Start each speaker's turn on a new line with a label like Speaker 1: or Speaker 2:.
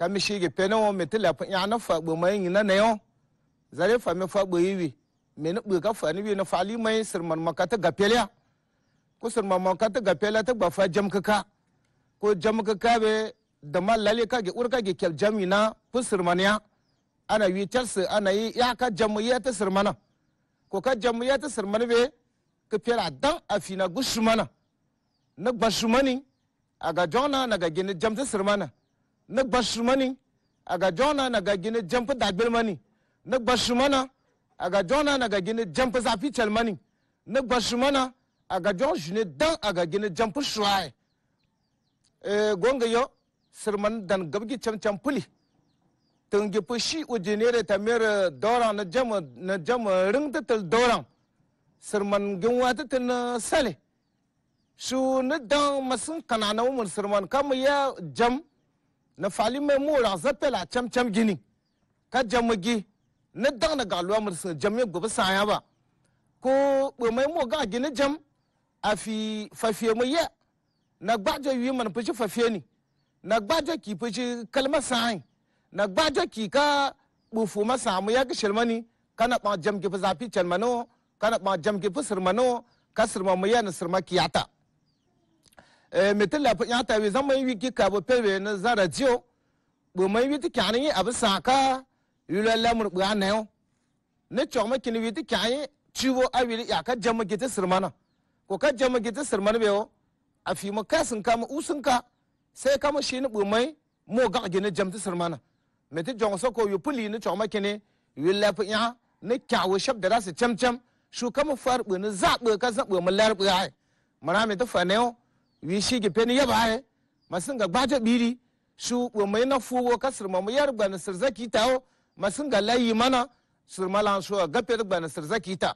Speaker 1: kami shige wa me tila pa yana fa bo mai na neyo zare fa me fa bo yiwi me ne bu ka fa ni bi na li mai sir man makata gapelia ko sir man makata gapelia pelya ta ba fa jam kaka ko jam ka be da mal lale ka ge urka ge kel jami na fu sir man ya ana yi charsu ana yi ya ka jamu ya ta sir mana ko ka jamu ya ta sir mana be ka pera dan afina gushmana na gbashumani aga jona na ga gine jamta sir mana na ni a ga jona na ga gine jampu dadbel mani na ni a ga jona na ga gine jampu zafi cel mani na ni gbasumana aga jon jine dan a ga gine jampu shuae e gonga yo sirman dan gabgi cam cam puli tun gi fi shi uji ujinere ta mer dora na jama na jama rin ta tal dora sirman gwa ta tin sale su ni dan masun kanana mun sirman kama ya jam fali mai mora zata la cham cham gini ka jamu gi na dang na galuwa mursa jam ya gobe saya ba ko bo mai mo ga gini jam a fi fafiye mu ya na gbajo yi man fushi fafiye ni na gbajo ki fushi kalma sai na gbajo ki ka bufu ma samu ya ga shirmani kana ba jam gi fa zafi chalmano kana ba jam gi fa sirmano ka sirma mu ya na sirma kiyata Eh, metela pa yata we zama yi ki ka bo pewe na zara jio bo mai wi ti kyani yi abu saka yula la mur bu anayo ne chokma kini wi ti kyani chivo awili ya ka jama gita sirmana ko ka jama gita sirmana beo a fi mo kasin kama usinka sai kama shi ni bo mai mo ga gi ne jamta sirmana meti jong so ko yu puli ni chokma kini yu la pa yaha ne kyawo shab da rasa cham cham shu kama far bu ni zaɓe ka zaɓe mo lar bu ai ya. marame to faneo wi shige peni yaba masin ga gbata biri su mai na fugo ka sirma mu yar gbana sirzaki tawo ga layi mana sirma lan so gape gbana sirzaki ta